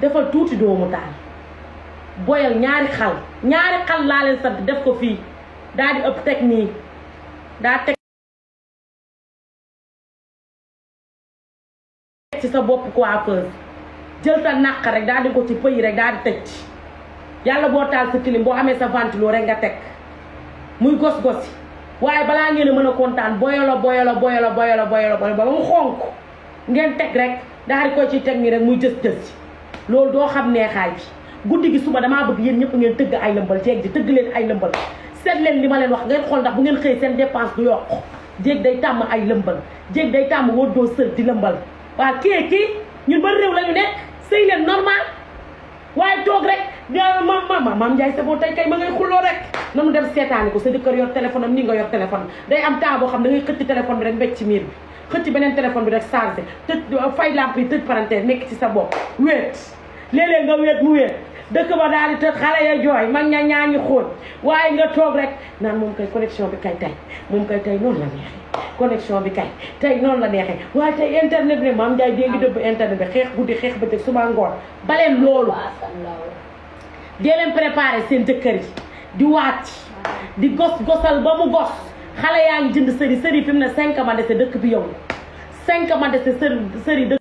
defal tuuti doomu taal boyal ñaari xal ñaari xal laa leen sant def ko fii daa di ëpp teg nii daa teg ci sa bopp coiffeuse jël sa naq rek daa di ko ci pëy rek daa di tëj yàlla boo taal sa tilim boo amee sa ventilo rek nga teg muy gos-gosi waaye balaa ngeen a mën a kontaan boyalo boyalo boyalo boyalo boyalo ba mu xonk ngeen teg rek daa di koy ci teg nii rek muy jës jës loolu doo xam neexaay bi guddi gi suba damaa bëgg yéen ñëpp ngeen tëgg ay lëmbal jeeg ji tëgg leen ay lëmbal seet leen li ma leen wax ngeen xool ndax bu ngeen xëy seen dépense du yokk jéeg day tàmm ay lëmbal jéeg day tàmm wóor doo sër di lëmbal waa kii kii ñun ba réew la ñu nekk ah maam Ndiaye c'est bon tey kay ma ngay xulloo rek nanu dem seetaani ko sa jëkkër yor téléphone am ni nga yor téléphone day am temps boo xam ne da ngay xëcc téléphone bi rek mbéj ci miir bi xëcc beneen téléphone bi rek chargé tëj fay lamp yi tëj parenthèse nekk ci sa bopp wéet léeg-léeg nga wéet mu wéet dëkk ba daal di tëj xale ya jooy mag ña ñaañu xóot waaye nga toog rek naan moom kay connexion bi kay tey moom kay tey noonu la neexee connexion bi kay tey noonu la neexee waaye tey internet bi maam Ndiaye dée ngi dëbb internet bi xeex guddi xeex bëccëg suba ngoon baleen loolu dee leen préparé seen dëkkër yi di wàcc di gos gosal ba mu gos xale yaa ngi jënd sëri sëri fi mu ne cinq ma dese dëkk bi yow cinq ma dese sëri sëri